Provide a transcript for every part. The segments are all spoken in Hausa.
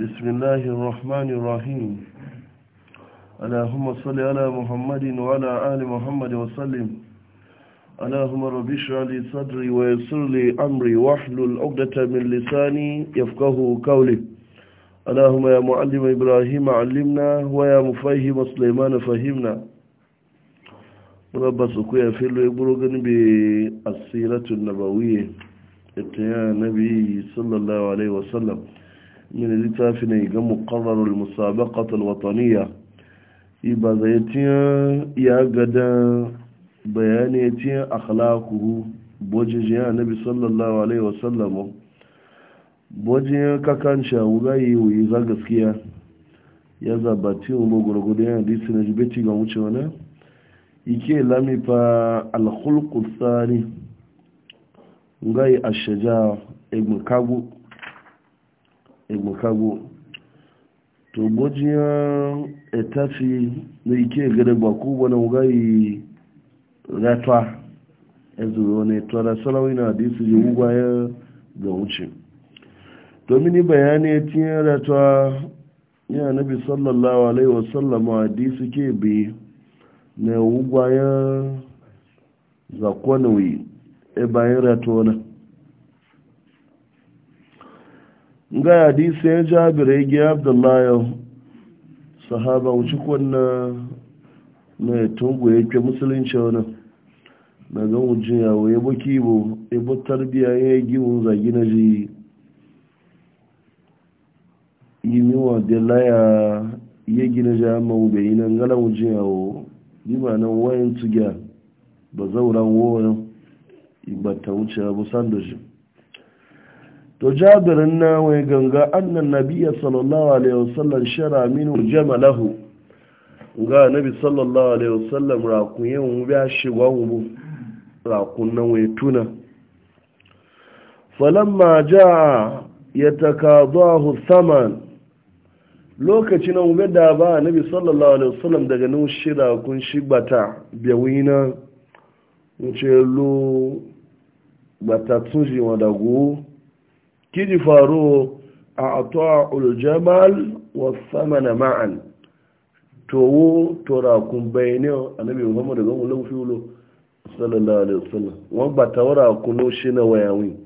بسم الله الرحمن الرحيم اللهم صل على محمد وعلى آل محمد وسلم اللهم رب اشرح لي صدري ويسر لي أمري واحلل عقدة من لساني يفقه قولي اللهم يا معلم إبراهيم علمنا ويا مفهم سليمان فهمنا رب سكويا فيلو الوغرغن بالسيرة النبوية اتيا النبي صلى الله عليه وسلم min littafi ne ga mukarrarul musabaqatul wataniya iba zai tiya ya gada bayani tiya akhlaquhu bojin jiya nabi sallallahu alaihi wasallam bojin kakancha ugayi uyi za gaskiya ya zabati mu gurgudu ya hadisi na jibeti ga wuce wani ike lamifa alkhulqu tsari ngai ashaja ibn kagu igbokago to bojiyan etafi na ike gadagba ko wani wugayi rata ya zuru wani tara sarawai na da su jiwu baya ga wuce domin bayani tiyan rata ya nabi sallallahu alaihi wasallam a da su ke bi na wugwayen zakonawi e bayan rata wani ga hadisi ya jabir ya abdullahi sahaba wuce kwanna na tungu ya ke musulunci wani na gan wujin yawo ya baki bo ibo tarbiya ya yi giwon zagi na ji yi miwa da laya ya gina ji mawu bai yi nan gana wujin yawo yi ba nan wayan tuga ba zauren woyon ibata wuce abu sandoshi to jabirin na wai ganga annan nabiya sallallahu alaihi wasallam shara minu jamalahu ga nabi sallallahu alaihi wasallam rakun yin biya shigwa wubu rakun nan wai tuna falamma ja ya takadahu saman lokacin nan wube da ba nabi sallallahu alaihi wasallam daga nan shira kun shigbata biyawina wuce lo bata shi wadagu kiji faro a atuwa uljamal wasamana ma'an towo tora kun bayanin annabi muhammad da zan ulan fiulo sallallahu alaihi wasallam wọn ba tawara kun lo jikin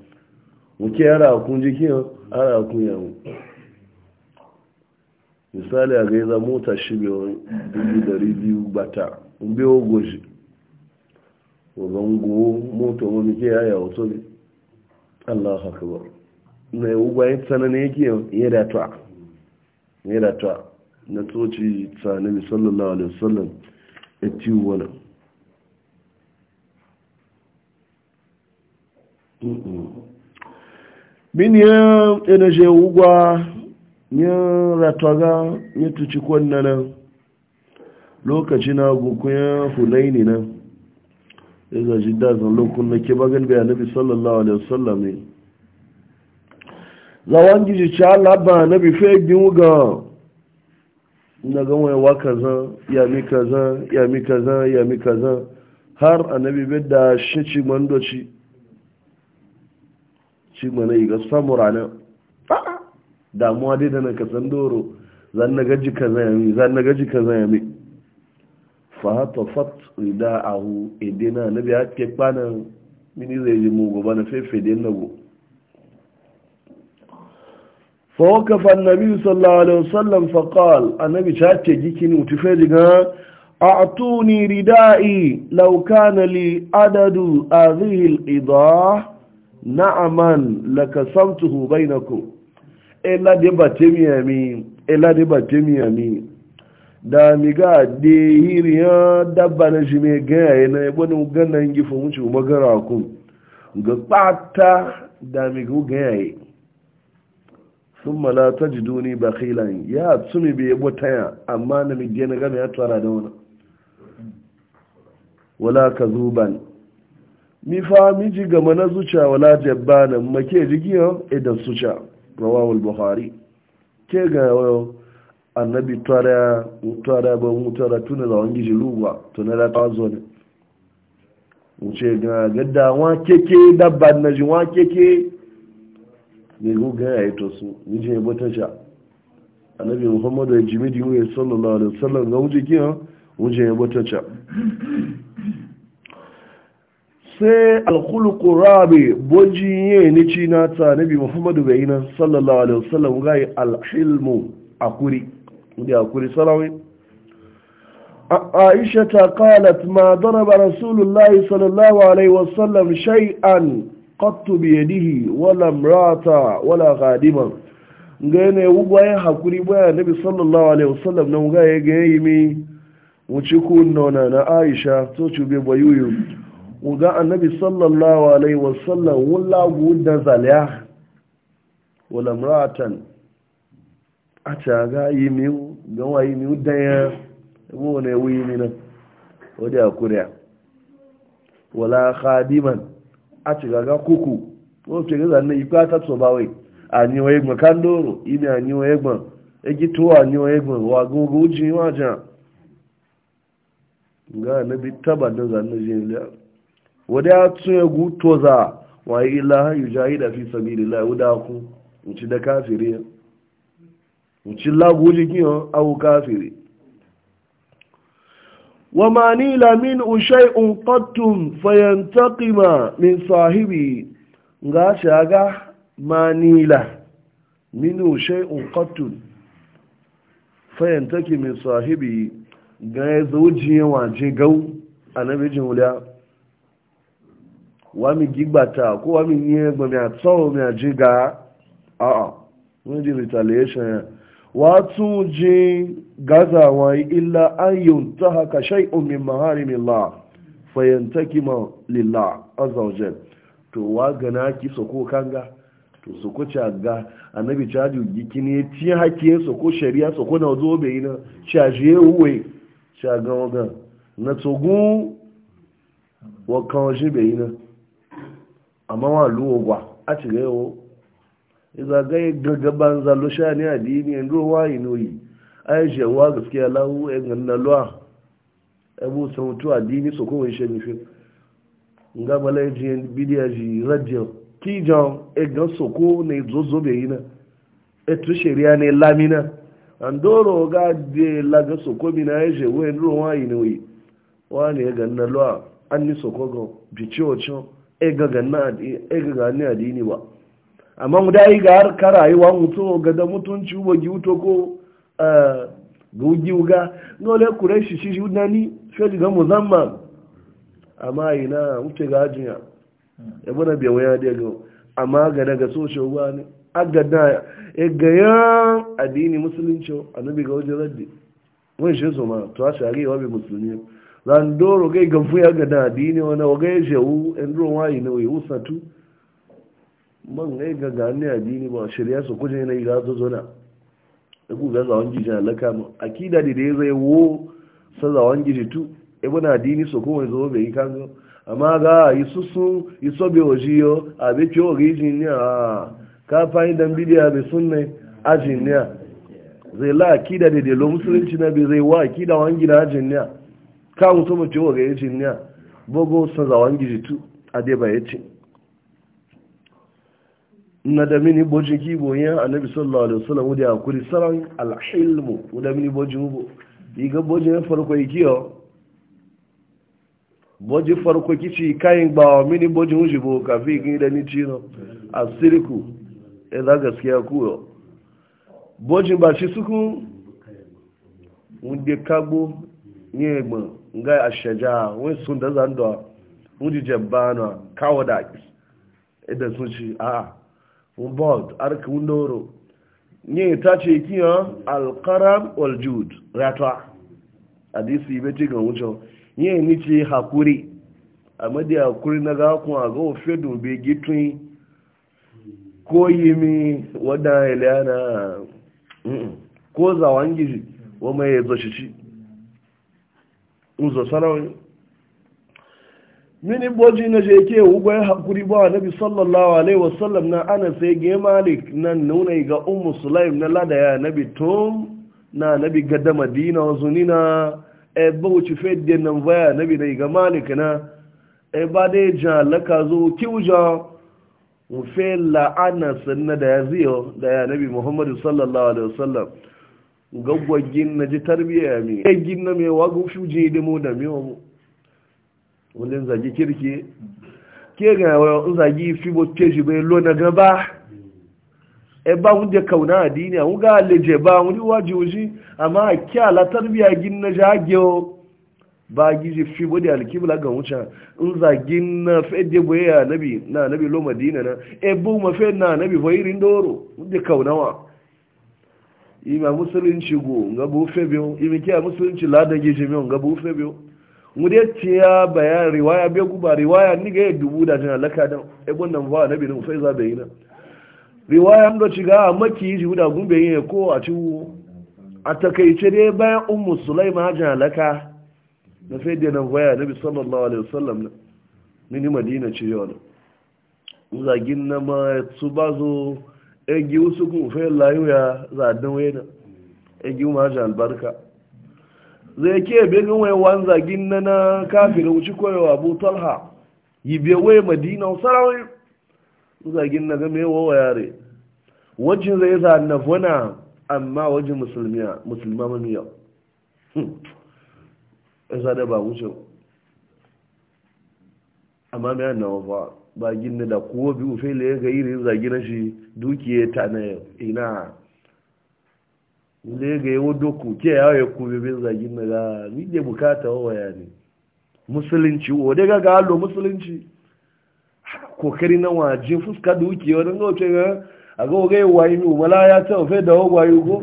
misali a mota shi biyu bata mota allah haka na ugbayin tsanani yake ya da ta ya da ta na toci tsanani sallallahu alaihi wasallam ya ciwo wani min ya energy ugwa ya rataga ya tuci kwanna lokaci na gukuya hunaini nan ya zaji dazan lokun na ke bagan bayan nabi sallallahu alaihi wasallam ne zawon jiji ca laba na bife biyu ga na ga waiwa kaza ya mi kaza ya mi kaza ya mi kaza har a na bi da shi ci mandoci ci mana yi ga samura na damuwa dai da na kasan doro zan na gaji kaza yami zan na gaji kaza yami fahata fat rida ahu edina na biya hake kwanan mini zai yi mugu ba na fefe den na go فوقف النبي صلى الله عليه وسلم فقال النبي تشاتي جيكي وتفيدنا أعطوني ردائي لو كان لي عدد هذه الإضاء نعما لكسمته بينكم إلا دبا تميامي إلا دبا تميامي da mi ga de hiriya dabba na shi mai gaya yana yabo na ganin gifin wuce magara kun ga kpata da mi ga gaya sun mala ta ji duni ba khilan ya tsumi bai yabo taya amma na mijiya na gami ya tsara da wani wala ka zuban mi fa miji gama na zuciya wala jabbana make jigiyo idan suca rawawul buhari ke ga annabi tara mutara ba mutara tuna zawon gishi lugwa tuna da ta zo ne wuce ga gadda wa keke dabba na ji wa keke ne guga ya yi to su miji ya bata sha annabi muhammadu ya ji miji ya sallallahu alaihi wasallam ga wuce kiyan wuce ya bata sha sai alkhuluku rabi bojiye ni ci na ta nabi muhammadu bai yi nan sallallahu alaihi wasallam ga yi alhilmu akuri inda akuri salawai قالت ما ضرب رسول الله صلى الله عليه وسلم شيئا qattu bi yadihi wala mrata wala ghadiman ngene ugwa ya hakuri baya nabi sallallahu alaihi wasallam na uga ya ga yimi wuciku nona na aisha to chube bayuyu uga annabi sallallahu alaihi wasallam wala gudda zalya wala mratan acha ga yimi ga wa yimi daya wona yimi na wada kuriya wala khadiman a cigaga kuku wọ́n fi gaza ní ipá tàbí wai àníwọ̀ ẹgbọ̀n kándóró ibi àníwọ̀ ẹgbọ̀n egi tó àníwọ̀ a. wà ga nabi taba e da zanen jini wadda ya egwu toza wa ila ilaha yi fi sabi da layu da ku kafiri nci lagu jikin وما نيل منه شيء قط فينتقم من صاحبه غاشا ما نيل منه شيء قط فينتقم من واجي غو wami gigbata ko wami nye gbami atsawo mi ajiga a'a wani retaliation watu ji gazawa illa an yuntaha ka shay'un min maharimillah fayantakima lillah azza wa to wa gana ki soko kanga to soko chaga annabi caju gikini ti hakiye soko shari'a soko na zo be ina na uwe caga waga na togu wa kan shi be ina amma wa luwa a ci zagaye gagaban zalusha ne a dini in ruwa inoyi aisha wa gaskiya lahu yan gannaluwa abu sautu a dini su kowai shanifin nga malai jiyan bidiyar ji rajin kijan egan soko na zozo bai yi na etu shari'a ne lamina an doro ga de laga soko bi na aisha e wa yan ruwa inoyi wa ne e gannaluwa an ni soko e ga biciyocin egaga ni a dini ba amma mu dai ga har ka mutu ga da mutunci ubo gi ko eh, ga ugi uga kure shi shi nani shi ga muzamman amma ina wuce ga ajiya ya hmm. bana biya waya da ga amma ga daga so shi ne agada e ga ya addini musulunci annabi ga wajen wani shi ma to a shari'a wa bi musulmi zan doro ga ga da addini wa ga shehu man ga ga gani addini ba shirya su kuje na ga zo zo na ku ga zawon na laka mu akida da dai zai wo sa zawon gidi tu e bana addini su wai zo bai kan zo amma ga isusu isobe ojiyo abe ki origin ni a ka fayin dan bidiya be sunne ajin ne zai la akida da dai lo musulunci na bai zai wa akida wangi da ajin ne ka mu ki origin ne bogo sa zawon gidi tu ade ba yace n'adamini da mini bojin yin annabi sallallahu alaihi wasallam da kuri saran alhilmu da mini bojin bo diga bojin farko farko kayin ba mini bojin uji bo kafi gini da ni cino asiriku e da gaskiya kuyo bojin ba shi suku unde kagbo ni egbon ngai ashaja won sun da jabbana kawada sun ci bold arka wundoro ne ta ce kiyan alkaram waljud rata hadisi bai ce ga wucin yi ni ce hakuri a madi hakuri na ga gakun a ga ofe be gitun ko yi mi wadda iliana ko za gizi wa mai shi ci uzo sarawin mini boji na je ke ya hakuri ba nabi sallallahu alaihi wasallam na ana sai ge malik nan nuna ga ummu sulaim na lada ya nabi tom na nabi gada madina zunina e bauchi fedde nan vaya nabi na ga malik na e ba dai ja laka zo kiuja mu fe la ana sanna da yaziyo da ya nabi muhammadu sallallahu alaihi wasallam gaggwagin na ji tarbiya mi gaggin na me wagu fuji da mu da mi wani zagi kirki ke ga yawon zagi fi bote shi bai lona gaba e ba wunde kauna adini a wuga leje ba wuni waji wuji amma a kya la tarbiya gin na jage ba gizi fi bodi alkibla ga wuce in zagin na fede na madina na e musulunci musulunci gizi mude ciya bayan riwaya bai guba riwaya ni ga dubu da jina laka dan ebon nan fa nabi nan sai bai na riwaya ndo ciga maki ji guda gumbe yin ko a ebe a takaice dai bayan ummu sulaima jina laka na sai da nan waya nabi sallallahu alaihi wasallam na madina ci yau na zagin na ma su kun dan albarka zai ke begin wai wanza ginna na kafin wuce kwayowa abu talha yi bewe madina sarari zagin na game wa yare wajen zai za na vona amma wajen musulma yau ya hmm. zada ba wuce amma mai yana wafa ba gina da kowa biyu fela ya ga yi zagina shi dukiya ta na ina ilega ga doku ke yawo ya kube bebe zagin na n'ide ni je bukata ne musulunci o daga ga allo musulunci kokari na waje fuska duki wani ga ga a ga ga yi umala ya ta ofe da wa yi go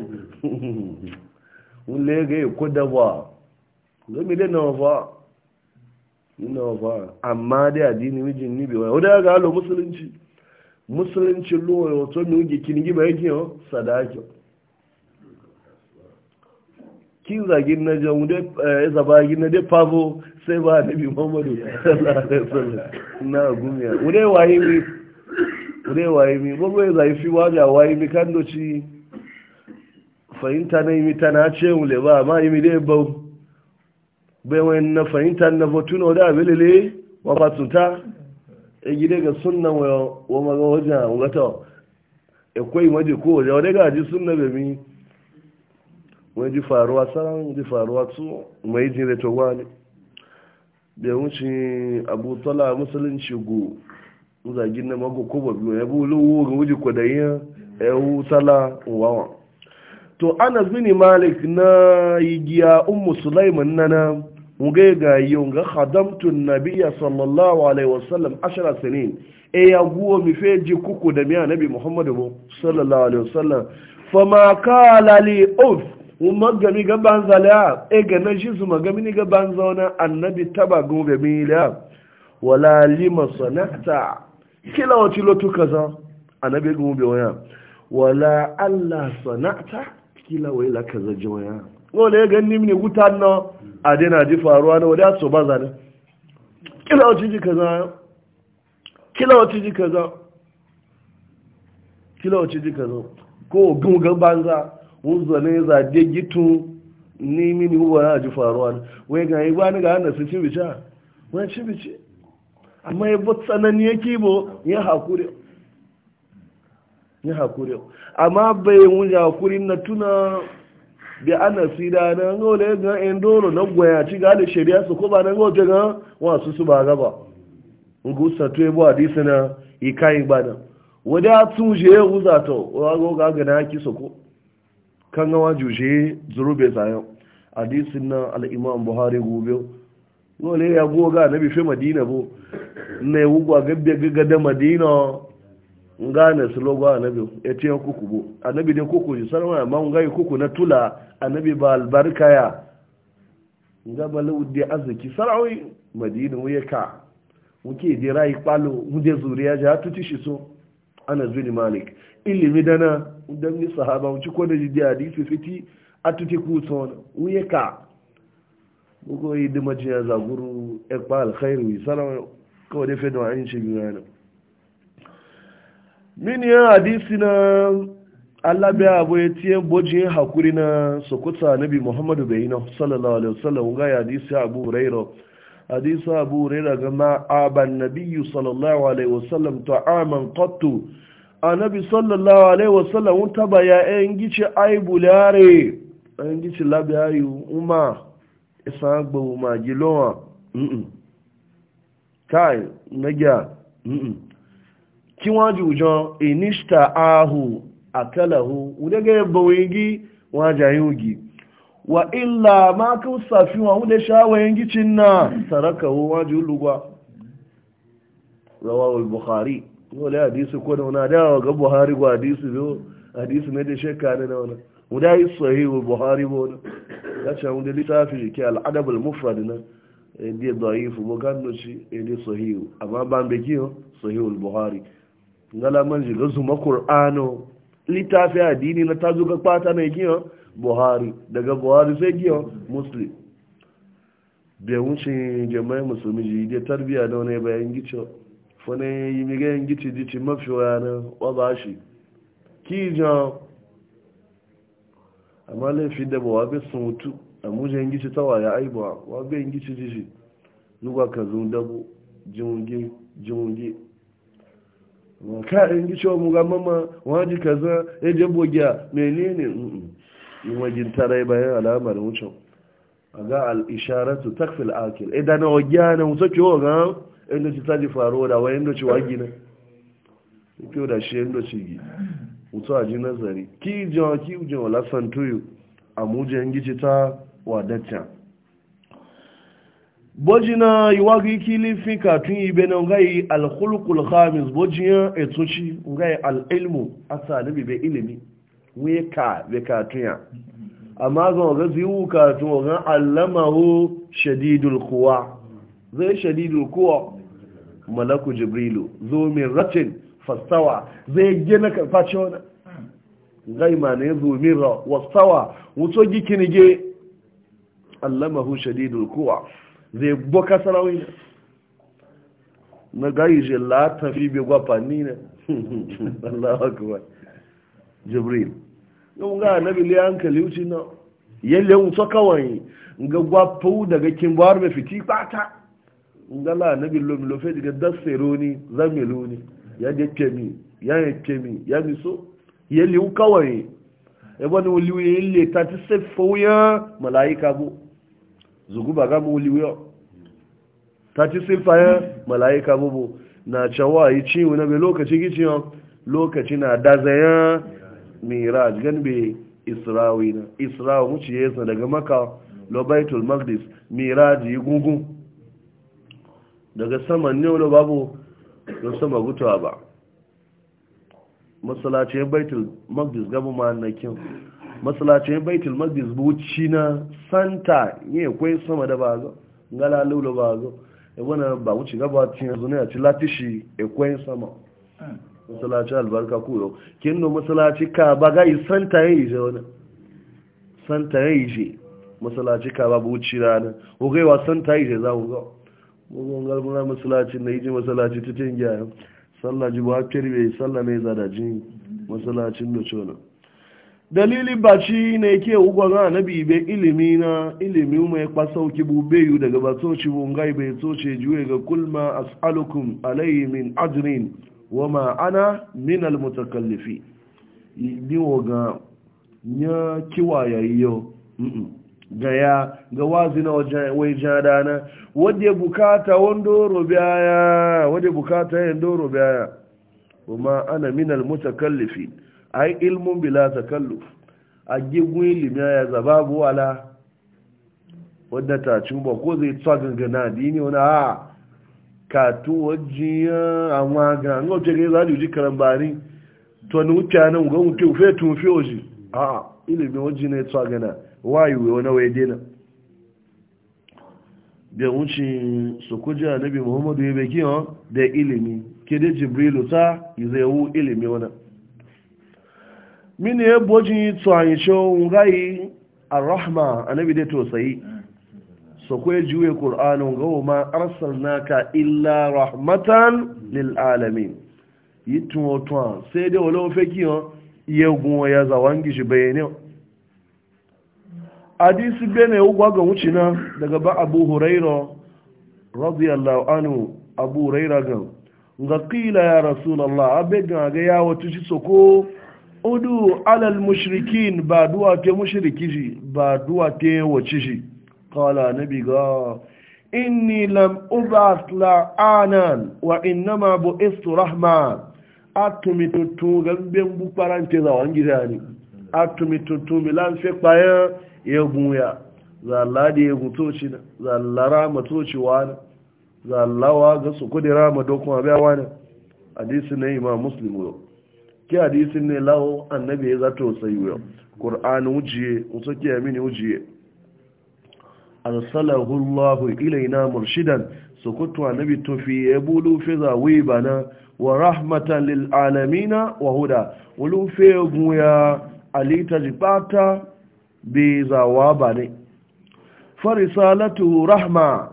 le ko da ba ga na amma dai addini mijin ni bi waya musulunci wato mi kinigi ba ki zagin eh, na jan ya zaba gina dai pavo sai ba nabi muhammadu sallallahu na gumiya wude waye mi wude waye mi bogo ya zai fi waja waye mi kan doci fahimta na imi ta na ce wule ba ma imi dai ba bai na fahimta na wadda da belele wa fatuta e gide ga sunnan wa maga wajen wata akwai maje ko wajen wadda ga ji sunna da mi wani ji faruwa tsaron ji faruwa su mai jin retowa ne da wuce abu musulun musulunci go zagin na mago koba biyu ya bulu wurin wuji kwadayin ya wutala wawan to anas bin malik na yigiya ummu sulaiman nana muge ga ga khadamtu Nabiya sallallahu alaihi wasallam ashara sanin e ya guwa mi ji kuku da miya nabi muhammadu sallallahu alaihi wasallam fama kala li uf umar gami ga banza la e ganan shi su magami ni ga banza wani annabi taba gun gami la wala lima sanata kila wacce lotu kaza annabi gun bi waya wala allah sanata kila wai la kaza ji wani wala ya gani mini wuta na a dina ji faruwa na wadda su baza ne kila wacce ji kaza kila wacce ji kaza kila wacce ji kaza ko gun ga banza wuzo ne za de gitu ni mini huwa na ji faruwa wai ga yi bani ga hannun su ci bica ah, wani ci bici amma ya bi tsanani ya kibo ya hakuri ya hakuri amma bai wunja hakuri na tuna bi ana sida na ngole ga endoro na gwaya ci ga da shari'a su ko ba na ngoje ga wasu su ba gaba ngusa to ebo hadisi na ikai bana wada tun je wuza to wa go ga ga na ki soko kan gawa jushe zurube tsayon hadisin nan al'imam buhari gobe dole ya goga na bife madina bo na yi wugwa gabbe gaga da madina gane su logo annabi ya ce kuku bo annabi dai kuku ji sarwa amma ngai kuku na tula annabi ba albarka ya nga laudi di azki sarawi madina wuya ka muke dira yi kwalo mu de zuriya ja tuti shi so ana zuri malik ilimi dana don ni sahaba wuce ko da jidi hadisi fiti a tuti wani. wuye ka bugo yi dima jiya zaguru ekpa alkhairu yi salama kawai da fedon an yi ce biyu yana min ya hadisi na alabe abu ya tiye bojin hakuri na sokuta nabi muhammadu bai na sallallahu alaihi wasallam ga hadisi abu hurairah hadisi abu hurairah ga ma aban nabiyyu sallallahu alaihi wasallam ta'aman qattu annabi sallallahu alaihi wasallam un taba ya en gici ai bulare en gici labi ayu uma isa gba uma gilowa mm kai nagya mm ki waju ujo inista ahu akalahu udege bawingi waja yugi wa illa ma kun safi wa hunde shawayen gicin na sarakawo waju lugwa rawahu al-bukhari dole hadisi ko da wani dawa ga buhari ko hadisi biyu hadisi ne da shekka ne da wani guda yi sahihu buhari ko na ya ce wani littafi ke al'adab al-mufrad na ede eh, da'ifu bo gano shi ede eh, sahihu amma ba mbe kiyo sahihu buhari ngala man ji gazu ma qur'ano littafi addini na tazo ga kwata na kiyo buhari daga buhari sai kiyo muslim bai wuce jama'i musulmi ji da tarbiya da wani bayan gicho fone yi mi gen giti diti mafi wani waba shi ki jan amma laifin da ba wabe sun mutu a mujen giti tawa ya aibuwa wabe giti diti lugwa ka zun dabo jimungi jimungi ka in gici wa muga mama waji kaza ya e jabo gya menene in wajen tarai bayan alamar wucin a ga al-isharatu takfil akil idan e wa gya na mutu ke wa inda ci ji faru da wani inda ci wagi na kyau da shi inda ci gi mutu a ji nazari ki jiwa ki jiwa lasan tuyu a yan gici ta wadatya bojina iwagi kili fi katun ibe na ngai alkhulqul khamis bojiya etochi ngai alilmu salibi bai ilimi we ka be katunya amma zan ga wu katun ga allamahu shadidul quwa zai shadidul quwa malaku jibrilu zo min ratin fastawa zai gina karfashe wani gaima ne zo min ra wastawa wuto gikinige allamahu shadidul kuwa zai boka sarawin na gayi je la fi bi ni ne Allahu akbar jibril yau ga nabi le an kali wuce na yalle wuto kawai ga gwafu daga kimbawar bar mai fiti ngala na billo mi lofe diga dasero ni zamelo ni ya de kemi ya ye kemi ya mi so ye liu kawai e bo ni li ye le tati se ya malaika bu zugu baga mu li yo tati se ya malaika bu bu na chawa yi chi wona be lokaci chi yo lokaci na dazaya miraj gan be israwi na israwi mu ci yesa daga maka lo baitul maqdis miraji gungun daga sama ne wani babu don sama gutuwa ba matsalacin baitul magdis gabu ma'annakin matsalacin baitul magdis buci na santa yin kwai sama da ba zo gala lula ba zo ibana e ba wuce gaba cin yanzu ne ya ci latishi ekwai sama matsalacin albarka koyo kendo matsalacin ka ba ga yi santa ya yi je wani santa ya yi je matsalacin ka ba buci rana ogaiwa santa ya yi je za zo mugun garguna masalaci na yi masalaci ta cin gyara sallah ji ba kirbe sallah ne zada jin masalacin da cewa dalilin ba shi ne ke ugon anabi be ilimi na ilimi mai kwasauki bube yu daga ba toci bungai bai toce ga kulma as'alukum alayhi min ajrin wa ma ana min almutakallifi ni woga nya kiwaya yo mm -mm. gaya ga wazi na wai jadana wadda bukata wando robiya wadda bukata yin doro biya kuma ana minal a yi ilmun bila takalluf a gigun ilimi ya zaba buwala wadda ta cimba ko zai tsagangana dini wani a katu wajiya a maga nga wace ga zaɗi ji karambari to ni wuce nan ga wuce ufe tun fi oji a ilimin wajiya na ya tsagana wayewa wani waye dena da wucin su kuji annabi muhammadu ya beki ha da ilimi da jibrilu ta izewu ilimi wani mini ya boji tsohon shawun gayi arrahma annabi da tosayi su kuwa juwe ƙur'anin gawo ma arsalnaka illa rahmatan lil yi tuwo tuwa sai dai wale ofe kiyon iye gunwa ya zawon gishi bayanin hadisi bene ugwa ga wuce na daga ba abu huraira radiyallahu anhu abu huraira ga ga qila ya rasulullah abe ga ga ya wata shi soko udu alal mushrikin ba duwa te mushriki shi ba duwa te wace shi qala nabi ga inni lam ubas la'anan wa innama bu'istu rahman atumitutu gambe bu parante za wangirani atumitutu milan fe payan ya guya zalla da ya gutoci na zalla rama toci wani wa ga su kudi rama dokun abiya wani hadisi na imam muslim yau ki hadisi ne lawo annabi ya zato sai yau qur'an ujiye wasu ki amini ujiye arsalahu allah ilaina murshidan sukutu kutu annabi tofi ya bulu fi zawi bana wa rahmatan lil alamina wa huda wulu fi guya alita jibata bi zawa ba ne farisalatu rahma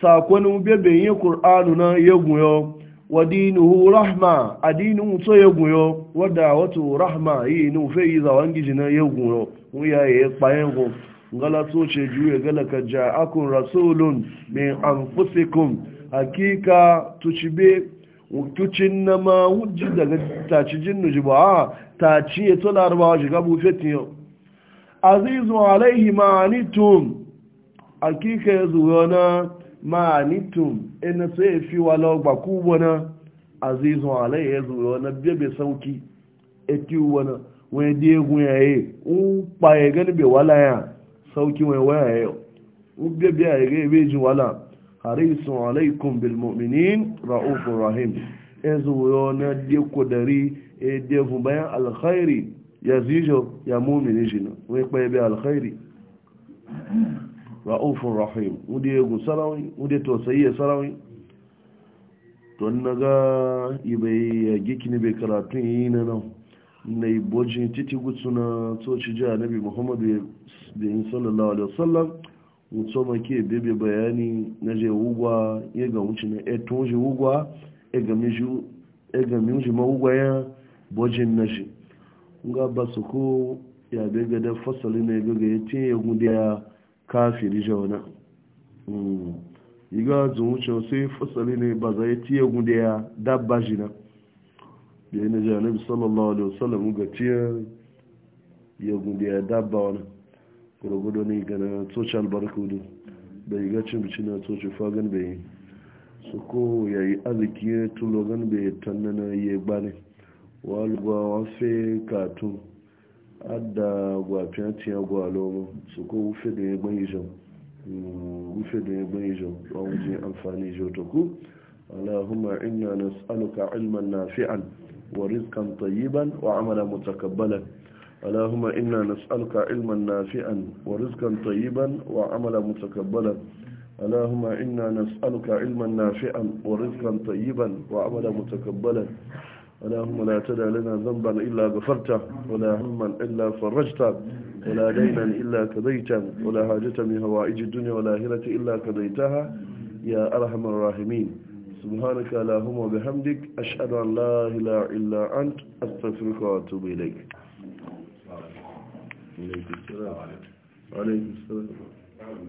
sakonin bebe yi ƙur'anu na ya guyo wa dinuhu rahma adinin ya guyo wadda wato rahma yi nufe yi zawon giji na ya wuya ya yi ku gala so ce juye gala ka ja akun rasulun an fusikun hakika tucibe tucin na ma wujji daga tacijin nuji a taci ya tola shiga bufetin yau azizu alaihi ma'anitum akika ya zuwa na ma'anitum ina sai ya fi wala ba ku azizu alaihi ya zuwa na bebe sauki eti wana wani diegun ya yi un paye gani be wala ya sauki wani waya ya un bebe ya yi bai ji wala harisun alaikum bil mu'minin ra'ufur rahim ya zuwa na die kodari ya e die bayan alkhairi ya zijo ya mumini jina wai kwaye bai alkhairi ra'ufu rahim wunde egwu sarawin wunde tausayi ya sarawin don na ga ya gikini karatu yi na nan na ibojin titi gutsu na tsoci anabi annabi muhammadu bin sallallahu alaihi wasallam mutu ma ke bebe bayani na je wugwa ya ga wuce na eto je wugwa ya ga miuji ma wugwa ya bojin na shi nga ba su ko ya bai ga dan fasali ne ga ga yace ya gudu ya kafiri iga sai fasali ne ba za ya gudu ya dabba jina da yana ji anabi sallallahu alaihi wasallam ga tiye ya gudu ya dabba wani ne ga na tsoci albarkudu da iga cin bici na tsoci fagen bai su ko ya yi arziki tulogan bai tannana ya gbani walgwa wafe katun adda gwafin tiya gwalo su ko wufe da ya gbayi jau mm, wufe da ya gbayi jau a wajen amfani jau ta ku ina na nas'aluka ilman nafi'an wa rizqan tayyiban wa amalan mutakabbalan اللهم إنا نسألك علما نافعا ورزقا طيبا وعملا متقبلا اللهم إنا نسألك علما نافعا ورزقا طيبا وعملا متقبلا اللهم لا تدع لنا ذنبا إلا غفرته ولا هما إلا فرجته ولا دينا إلا كديته ولا حاجة من هوائج الدنيا والآخرة إلا كديتها يا أرحم الراحمين سبحانك اللهم وبحمدك أشهد أن لا إله إلا أنت أستغفرك وأتوب إليك عليكم السلام عليكم السلام